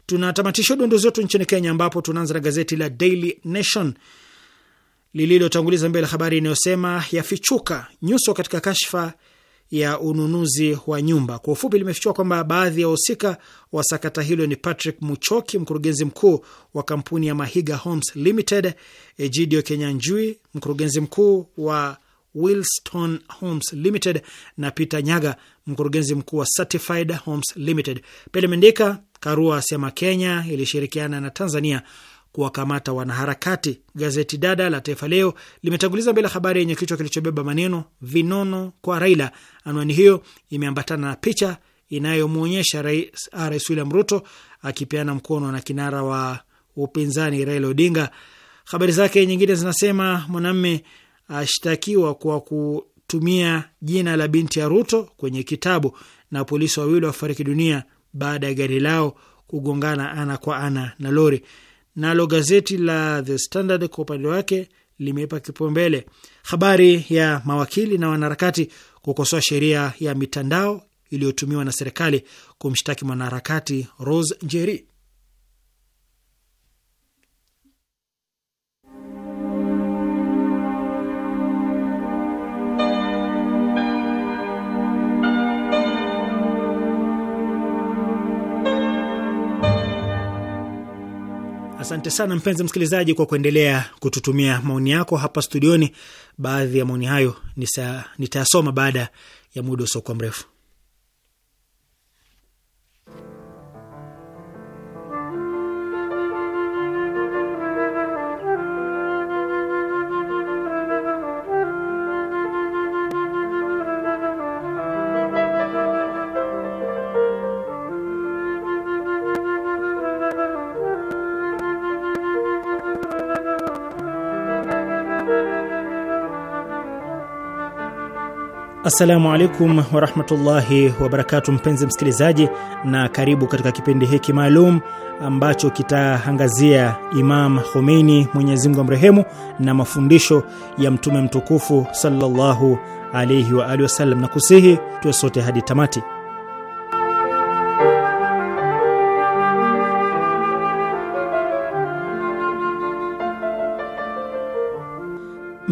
S3: Tunatamatisha udondozi zetu nchini Kenya, ambapo tunaanza na gazeti la Daily Nation lililotanguliza mbele habari inayosema yafichuka nyuso katika kashfa ya ununuzi wa nyumba. Kwa ufupi, limefichua kwamba baadhi ya wahusika wa sakata hilo ni Patrick Muchoki, mkurugenzi mkuu wa kampuni ya Mahiga Homes Limited, Egidio Kenyanjui, mkurugenzi mkuu wa Wilston Homes Limited na Peter Nyaga, mkurugenzi mkuu wa Certified Homes Limited. Karua asema Kenya ilishirikiana na Tanzania kuwakamata wanaharakati. Gazeti dada la Taifa Leo limetanguliza mbele habari yenye kichwa kilichobeba maneno vinono kwa Raila. Anwani hiyo imeambatana na picha inayomwonyesha Rais, ah, Rais William Ruto akipeana mkono na kinara wa upinzani Raila Odinga. Habari zake nyingine zinasema mwanamme ashtakiwa kwa kutumia jina la binti ya Ruto kwenye kitabu, na polisi wawili wafariki dunia baada ya gari lao kugongana ana kwa ana na lori. Nalo gazeti la The Standard kwa upande wake limeipa kipaumbele habari ya mawakili na wanaharakati kukosoa sheria ya mitandao iliyotumiwa na serikali kumshtaki mwanaharakati Rose Njeri. Asante sana mpenzi msikilizaji, kwa kuendelea kututumia maoni yako hapa studioni. Baadhi ya maoni hayo nitayasoma baada ya muda usiokuwa mrefu. Assalamu alaikum warahmatullahi wabarakatu, mpenzi msikilizaji, na karibu katika kipindi hiki maalum ambacho kitaangazia Imam Khomeini, Mwenyezi Mungu amrehemu, na mafundisho ya Mtume mtukufu sallallahu alaihi wa alihi wasallam, na kusihi tuwe sote hadi tamati.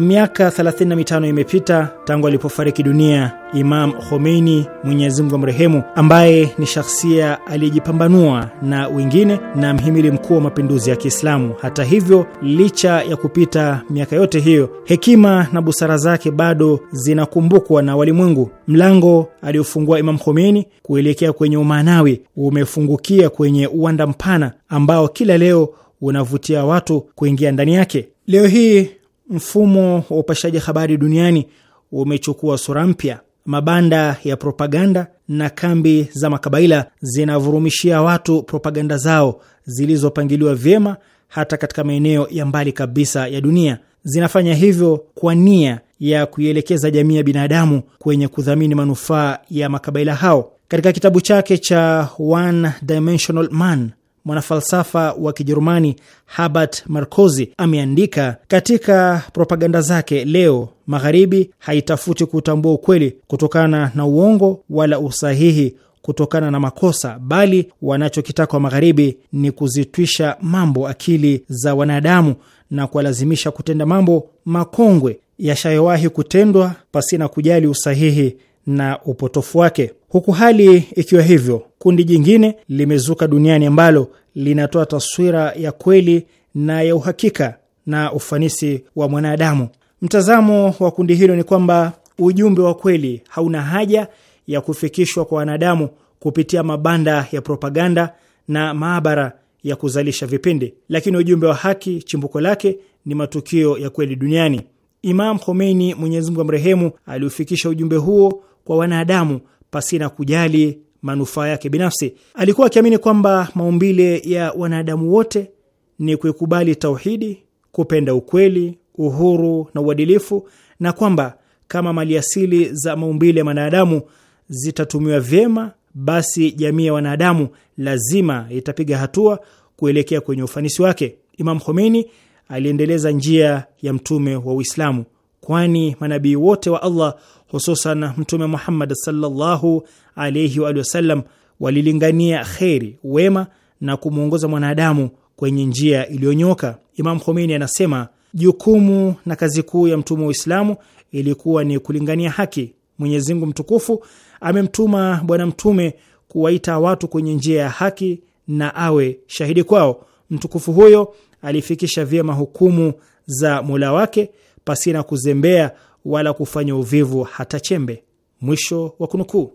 S3: Miaka 35 imepita tangu alipofariki dunia Imam Khomeini, Mwenyezi Mungu amrehemu, ambaye ni shahsia aliyejipambanua na wengine na mhimili mkuu wa mapinduzi ya Kiislamu. Hata hivyo, licha ya kupita miaka yote hiyo, hekima na busara zake bado zinakumbukwa na walimwengu. Mlango aliofungua Imam Khomeini kuelekea kwenye umaanawi umefungukia kwenye uwanda mpana ambao kila leo unavutia watu kuingia ndani yake. Leo hii Mfumo wa upashaji habari duniani umechukua sura mpya. Mabanda ya propaganda na kambi za makabaila zinavurumishia watu propaganda zao zilizopangiliwa vyema, hata katika maeneo ya mbali kabisa ya dunia. Zinafanya hivyo kwa nia ya kuielekeza jamii ya binadamu kwenye kudhamini manufaa ya makabaila hao. Katika kitabu chake cha One Dimensional Man mwanafalsafa wa Kijerumani Herbert Marcuse ameandika katika propaganda zake, leo Magharibi haitafuti kutambua ukweli kutokana na uongo wala usahihi kutokana na makosa, bali wanachokitaka wa Magharibi ni kuzitwisha mambo akili za wanadamu na kuwalazimisha kutenda mambo makongwe yashayowahi kutendwa pasina kujali usahihi na upotofu wake. Huku hali ikiwa hivyo, kundi jingine limezuka duniani ambalo linatoa taswira ya kweli na ya uhakika na ufanisi wa mwanadamu. Mtazamo wa kundi hilo ni kwamba ujumbe wa kweli hauna haja ya kufikishwa kwa wanadamu kupitia mabanda ya propaganda na maabara ya kuzalisha vipindi, lakini ujumbe wa haki chimbuko lake ni matukio ya kweli duniani. Imam Khomeini, Mwenyezi Mungu amrehemu, aliufikisha ujumbe huo kwa wanadamu pasina kujali manufaa yake binafsi. Alikuwa akiamini kwamba maumbile ya wanadamu wote ni kuikubali tauhidi, kupenda ukweli, uhuru na uadilifu, na kwamba kama maliasili za maumbile ya wanadamu zitatumiwa vyema, basi jamii ya wanadamu lazima itapiga hatua kuelekea kwenye ufanisi wake. Imam Khomeini aliendeleza njia ya mtume wa Uislamu, kwani manabii wote wa Allah hususan Mtume Muhammad sallallahu alayhi wa sallam walilingania kheri, wema na kumwongoza mwanadamu kwenye njia iliyonyoka. Imam Khomeini anasema jukumu na kazi kuu ya mtume wa Uislamu ilikuwa ni kulingania haki. Mwenyezi Mungu mtukufu amemtuma Bwana Mtume kuwaita watu kwenye njia ya haki na awe shahidi kwao. Mtukufu huyo alifikisha vyema hukumu za Mola wake pasina kuzembea wala kufanya uvivu hata chembe. Mwisho wa kunukuu.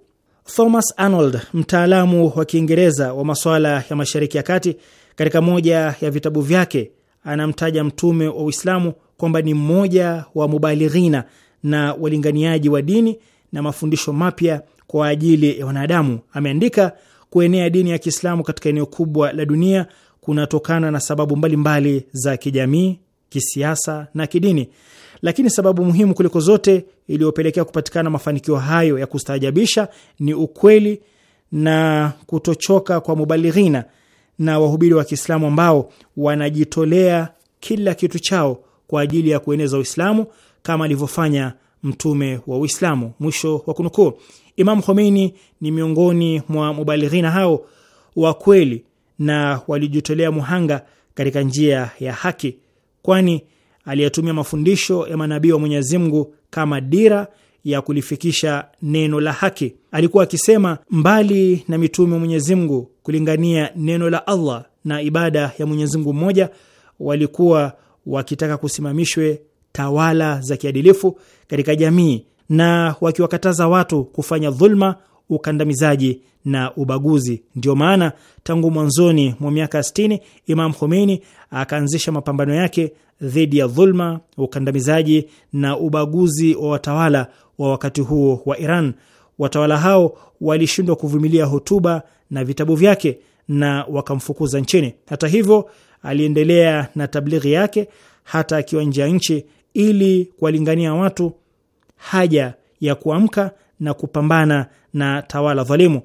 S3: Thomas Arnold, mtaalamu wa Kiingereza wa masuala ya Mashariki ya Kati, katika moja ya vitabu vyake anamtaja Mtume wa Uislamu kwamba ni mmoja wa mubalighina na walinganiaji wa dini na mafundisho mapya kwa ajili ya wanadamu. Ameandika, kuenea dini ya Kiislamu katika eneo kubwa la dunia kunatokana na sababu mbalimbali mbali za kijamii, kisiasa na kidini lakini sababu muhimu kuliko zote iliyopelekea kupatikana mafanikio hayo ya kustaajabisha ni ukweli na kutochoka kwa mubalighina na wahubiri wa Kiislamu ambao wanajitolea kila kitu chao kwa ajili ya kueneza Uislamu kama alivyofanya mtume wa Uislamu. Mwisho wa kunukuu. Imam Khomeini ni miongoni mwa mubalighina hao wa kweli na walijitolea muhanga katika njia ya haki, kwani aliyetumia mafundisho ya manabii wa Mwenyezi Mungu kama dira ya kulifikisha neno la haki. Alikuwa akisema, mbali na mitume wa Mwenyezi Mungu kulingania neno la Allah na ibada ya Mwenyezi Mungu mmoja, walikuwa wakitaka kusimamishwe tawala za kiadilifu katika jamii na wakiwakataza watu kufanya dhulma, ukandamizaji na ubaguzi. Ndio maana tangu mwanzoni mwa miaka 60 Imam Khomeini akaanzisha mapambano yake dhidi ya dhulma, ukandamizaji na ubaguzi wa watawala wa wakati huo wa Iran. Watawala hao walishindwa kuvumilia hotuba na vitabu vyake na wakamfukuza nchini. Hata hivyo, aliendelea na tablighi yake hata akiwa nje ya nchi ili kuwalingania watu haja ya kuamka na kupambana na tawala dhalimu.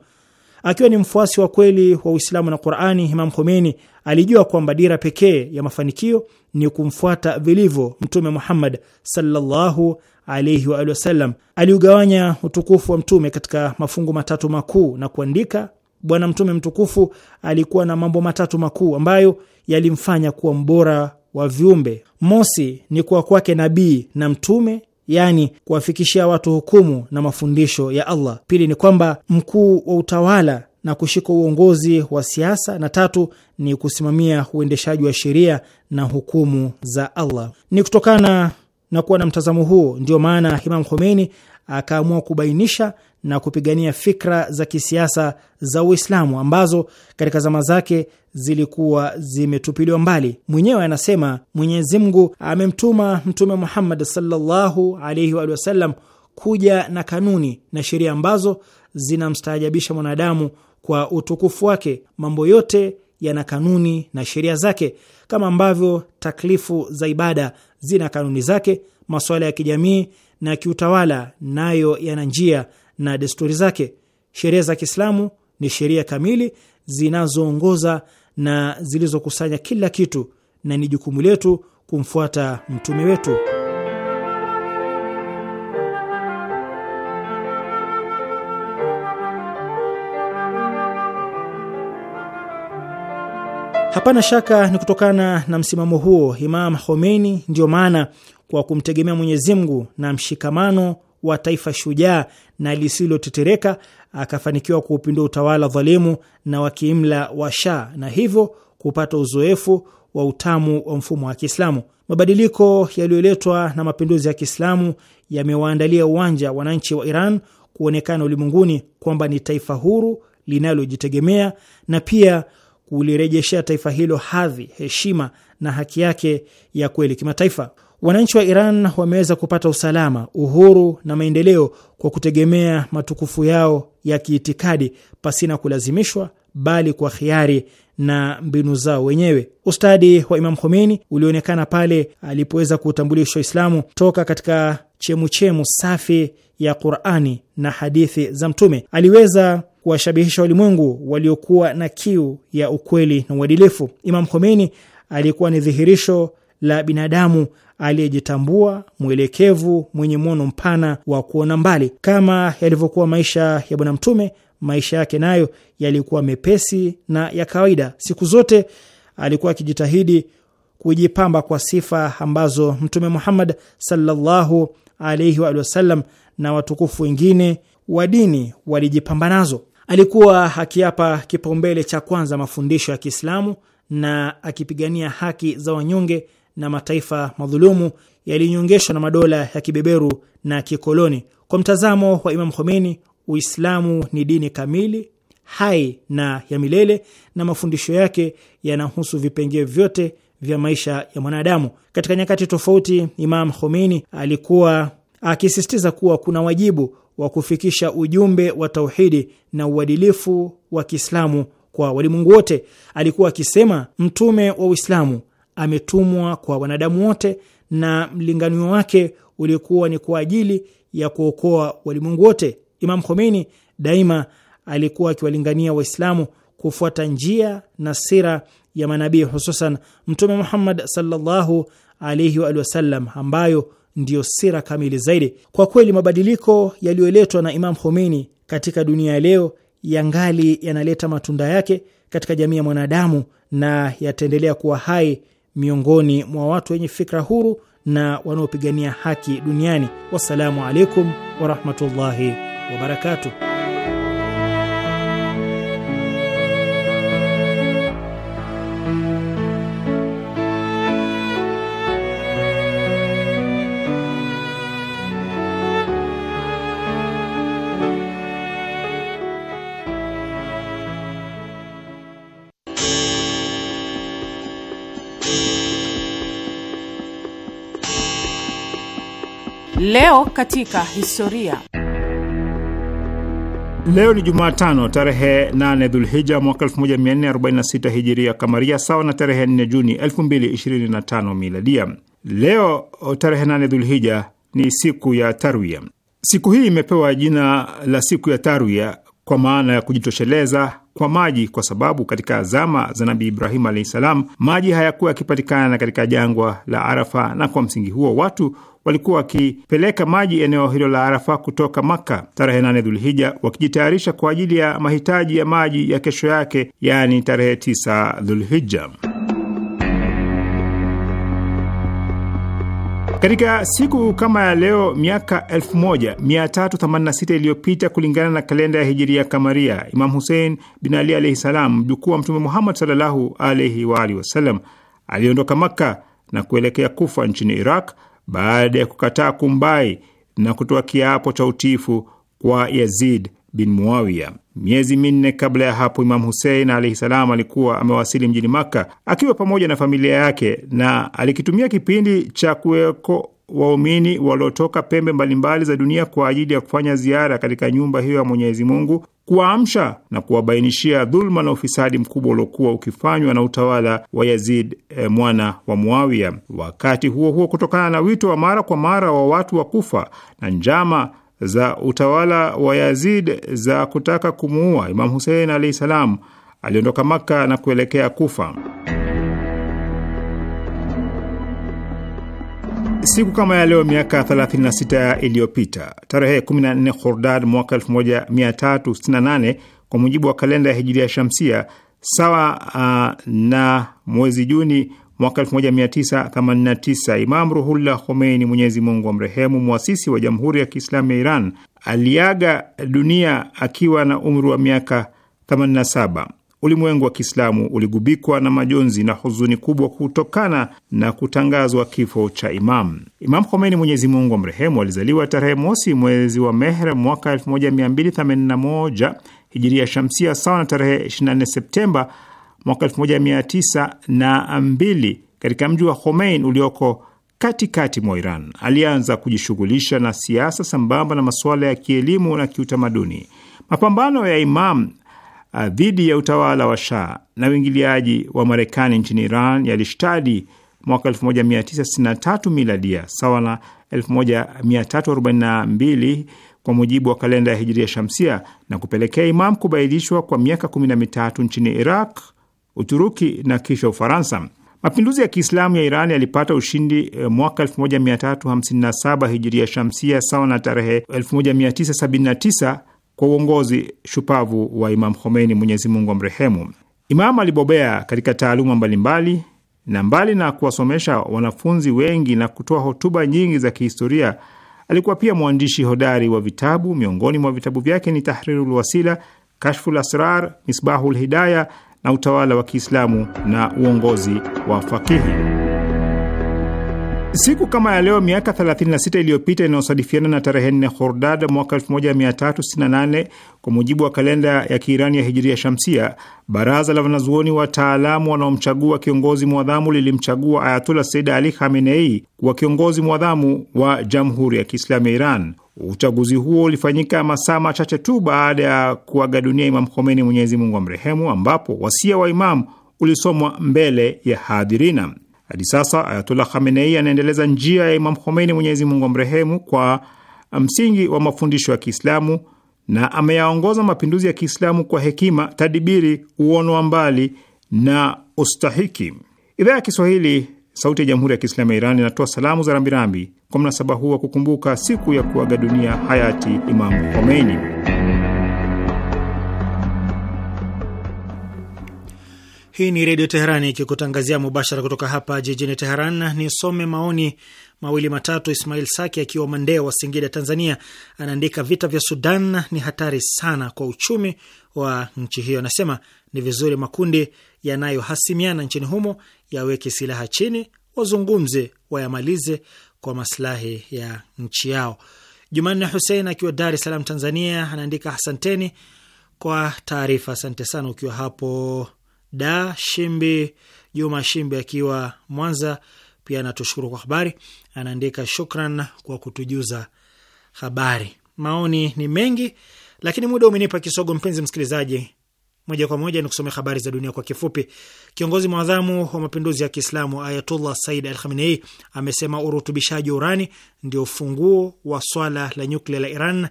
S3: Akiwa ni mfuasi wa kweli wa Uislamu na Qurani, Imam Khomeini alijua kwamba dira pekee ya mafanikio ni kumfuata vilivyo Mtume Muhammad sallallahu alaihi wa alihi wasallam. Aliugawanya utukufu wa Mtume katika mafungu matatu makuu na kuandika, Bwana Mtume mtukufu alikuwa na mambo matatu makuu ambayo yalimfanya kuwa mbora wa viumbe. Mosi ni kuwa kwake nabii na mtume yaani kuwafikishia watu hukumu na mafundisho ya Allah. Pili ni kwamba mkuu wa utawala na kushika uongozi wa siasa, na tatu ni kusimamia uendeshaji wa sheria na hukumu za Allah. Ni kutokana na kuwa na mtazamo huo ndio maana Imam Khomeini akaamua kubainisha na kupigania fikra za kisiasa za Uislamu ambazo katika zama zake zilikuwa zimetupiliwa mbali. Mwenyewe anasema Mwenyezi Mungu amemtuma Mtume Muhammad sallallahu alaihi wa sallam kuja na kanuni na sheria ambazo zinamstaajabisha mwanadamu kwa utukufu wake. Mambo yote yana kanuni na sheria zake, kama ambavyo taklifu za ibada zina kanuni zake, masuala ya kijamii na kiutawala, nayo yana njia na desturi zake. Sheria za Kiislamu ni sheria kamili zinazoongoza na zilizokusanya kila kitu, na ni jukumu letu kumfuata mtume wetu. Hapana shaka ni kutokana na msimamo huo Imam Khomeini, ndiyo maana kwa kumtegemea Mwenyezi Mungu na mshikamano wa taifa shujaa na lisilotetereka, akafanikiwa kuupindua utawala dhalimu na wakiimla wa Shah na hivyo kupata uzoefu wa utamu wa mfumo wa Kiislamu. Mabadiliko yaliyoletwa na mapinduzi ya Kiislamu yamewaandalia uwanja wananchi wa Iran kuonekana ulimwenguni kwamba ni taifa huru linalojitegemea na pia kulirejeshea taifa hilo hadhi, heshima na haki yake ya kweli kimataifa. Wananchi wa Iran wameweza kupata usalama, uhuru na maendeleo kwa kutegemea matukufu yao ya kiitikadi pasina kulazimishwa, bali kwa khiari na mbinu zao wenyewe. Ustadi wa Imam Khomeini ulionekana pale alipoweza kuutambulisha Uislamu toka katika chemuchemu safi ya Qurani na hadithi za Mtume. Aliweza kuwashabihisha walimwengu waliokuwa na kiu ya ukweli na uadilifu. Imam Khomeini alikuwa ni dhihirisho la binadamu aliyejitambua, mwelekevu, mwenye mwono mpana wa kuona mbali. Kama yalivyokuwa maisha ya Bwana Mtume, maisha yake nayo yalikuwa mepesi na ya kawaida. Siku zote alikuwa akijitahidi kujipamba kwa sifa ambazo Mtume Muhammad sallallahu alaihi wa sallam na watukufu wengine wa dini walijipamba nazo. Alikuwa akiapa kipaumbele cha kwanza mafundisho ya Kiislamu na akipigania haki za wanyonge na mataifa madhulumu yalinyongeshwa na madola ya kibeberu na kikoloni. Kwa mtazamo wa Imam Khomeini, Uislamu ni dini kamili hai na ya milele, na mafundisho yake yanahusu vipengee vyote vya maisha ya mwanadamu. Katika nyakati tofauti, Imam Khomeini alikuwa akisisitiza kuwa kuna wajibu wa kufikisha ujumbe wa tauhidi na uadilifu wa Kiislamu kwa walimwengu wote. Alikuwa akisema, mtume wa Uislamu ametumwa kwa wanadamu wote na mlinganio wake ulikuwa ni kwa ajili ya kuokoa walimwengu wote. Imam Khomeini daima alikuwa akiwalingania Waislamu kufuata njia na sira ya manabii hususan Mtume Muhammad sallallahu alaihi wa wasallam ambayo ndiyo sira kamili zaidi. Kwa kweli mabadiliko yaliyoletwa na Imam Khomeini katika dunia ya leo yangali yanaleta matunda yake katika jamii ya mwanadamu na yataendelea kuwa hai miongoni mwa watu wenye fikra huru na wanaopigania haki duniani. Wassalamu alaikum warahmatullahi wabarakatuh.
S2: Leo katika historia.
S1: Leo ni Jumatano tarehe 8 Dhulhija mwaka 1446 hijiria kamaria, sawa na tarehe 4 Juni 2025 miladia. Leo tarehe 8 Dhulhija ni siku ya Tarwia. Siku hii imepewa jina la siku ya Tarwia kwa maana ya kujitosheleza kwa maji, kwa sababu katika zama za Nabii Ibrahimu alahi salam maji hayakuwa yakipatikana katika jangwa la Arafa, na kwa msingi huo watu walikuwa wakipeleka maji eneo hilo la Arafa kutoka Makka tarehe nane Dhulhija, wakijitayarisha kwa ajili ya mahitaji ya maji ya kesho yake, yaani tarehe tisa Dhulhija. Katika siku kama ya leo miaka 1386 iliyopita kulingana na kalenda ya hijiria kamaria, Imam Hussein bin Ali alaihi salam, mjukuu wa Mtume Muhammad sallallahu alaihi waalihi wasallam, aliondoka Makka na kuelekea Kufa nchini Iraq baada ya kukataa kumbai na kutoa kiapo cha utiifu kwa Yazid bin Muawiya. Miezi minne kabla ya hapo, Imam Husein alaihi salam alikuwa amewasili mjini Makka akiwa pamoja na familia yake, na alikitumia kipindi cha kuweko waumini waliotoka pembe mbalimbali za dunia kwa ajili ya kufanya ziara katika nyumba hiyo ya Mwenyezi Mungu, kuwaamsha na kuwabainishia dhuluma na ufisadi mkubwa uliokuwa ukifanywa na utawala wa Yazid e, mwana wa Muawiya. Wakati huo huo, kutokana na wito wa mara kwa mara wa watu wa Kufa na njama za utawala wa Yazid za kutaka kumuua Imam Husein alahi salam, aliondoka Maka na kuelekea Kufa. Siku kama ya leo miaka 36 iliyopita, tarehe 14 Khordad mwaka 1368 kwa mujibu wa kalenda ya Hijiria Shamsia, sawa uh, na mwezi Juni mwaka 1989, Imam Ruhullah Khomeini, Mwenyezi Mungu amrehemu, mwasisi wa Jamhuri ya Kiislamu ya Iran, aliaga dunia akiwa na umri wa miaka 87 ulimwengu wa Kiislamu uligubikwa na majonzi na huzuni kubwa kutokana na kutangazwa kifo cha Imam Imam Khomeini, Mwenyezi Mungu mrehemu Alizaliwa tarehe mosi mwezi wa Mehr mwaka 1281 hijiria shamsia, sawa na tarehe 24 Septemba mwaka 1902 katika mji wa Khomein ulioko katikati mwa Iran. Alianza kujishughulisha na siasa sambamba na masuala ya kielimu na kiutamaduni. Mapambano ya Imam Ah, dhidi ya utawala wa Shah na uingiliaji wa Marekani nchini Iran yalishtadi mwaka 1963 miladia sawa na 1342 kwa mujibu wa kalenda ya hijiria shamsia na kupelekea Imam kubaidishwa kwa miaka 13 nchini Iraq, Uturuki na kisha Ufaransa. Mapinduzi ya Kiislamu ya Iran yalipata ushindi eh, mwaka 1357 hijiria shamsia sawa na tarehe 1979 kwa uongozi shupavu wa Imam Khomeini, Mwenyezi Mungu amrehemu. Imam alibobea katika taaluma mbalimbali na mbali na kuwasomesha wanafunzi wengi na kutoa hotuba nyingi za kihistoria, alikuwa pia mwandishi hodari wa vitabu. Miongoni mwa vitabu vyake ni Tahrirul Wasila, Kashful Asrar, Misbahul Hidaya na Utawala wa Kiislamu na Uongozi wa Fakihi. Siku kama ya leo miaka 36 iliyopita inayosadifiana na tarehe 4 Khordad mwaka 1368 kwa mujibu wa kalenda ya Kiirani ya hijiria shamsia, baraza la wanazuoni wataalamu wanaomchagua kiongozi mwadhamu lilimchagua Ayatullah seida Ali Khamenei kuwa kiongozi mwadhamu wa Jamhuri ya Kiislamu ya Iran. Uchaguzi huo ulifanyika masaa machache tu baada ya kuaga dunia Imam Khomeini, Mwenyezi Mungu amrehemu, ambapo wasia wa imamu ulisomwa mbele ya hadhirina. Hadi sasa Ayatullah Khamenei anaendeleza njia ya Imam Khomeini, Mwenyezi Mungu amrehemu, kwa msingi wa mafundisho ya Kiislamu na ameyaongoza mapinduzi ya Kiislamu kwa hekima, tadibiri, uono wa mbali na ustahiki. Idhaa ya Kiswahili Sauti ya Jamhuri ya Kiislamu ya Iran inatoa salamu za rambirambi kwa mnasaba huu wa kukumbuka siku ya kuaga dunia hayati Imam Khomeini. Hii ni Redio
S3: Teherani ikikutangazia mubashara kutoka hapa jijini Teheran. Nisome maoni mawili matatu. Ismail Saki akiwa Mandea wa Singida, Tanzania, anaandika vita vya Sudan ni hatari sana kwa uchumi wa nchi hiyo. Anasema ni vizuri makundi yanayohasimiana nchini humo yaweke silaha chini, wazungumze, wayamalize kwa maslahi ya nchi yao. Jumanne Husein akiwa Dar es Salaam, Tanzania, anaandika asanteni kwa taarifa. Asante sana ukiwa hapo da Shimbi Juma Shimbi akiwa Mwanza, pia anatushukuru kwa habari. Anaandika shukran kwa kutujuza habari. Maoni ni mengi, lakini muda umenipa kisogo. Mpenzi msikilizaji, moja kwa moja nikusomea habari za dunia kwa kifupi. Kiongozi mwadhamu wa mapinduzi ya Kiislamu Ayatullah Said Al Khamenei amesema urutubishaji wa urani ndio ufunguo wa swala la nyuklia la Iran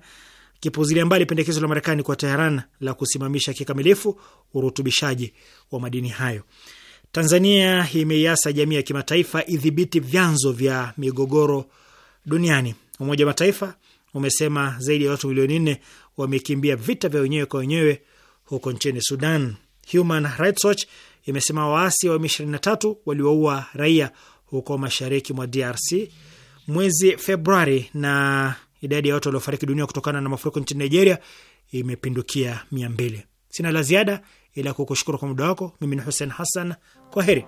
S3: kipuzilia mbali pendekezo la Marekani kwa Teheran la kusimamisha kikamilifu urutubishaji wa madini hayo. Tanzania imeiasa jamii ya kimataifa idhibiti vyanzo vya migogoro duniani. Umoja wa Mataifa umesema zaidi ya watu milioni nne wamekimbia vita vya wenyewe kwa wenyewe huko nchini Sudan. Human Rights Watch imesema waasi wa M23 waliwaua raia huko mashariki mwa DRC mwezi Februari na idadi ya watu waliofariki dunia kutokana na mafuriko nchini Nigeria imepindukia mia mbili. Sina la ziada ila kukushukuru kwa muda wako. Mimi ni Hussein Hassan, kwa heri.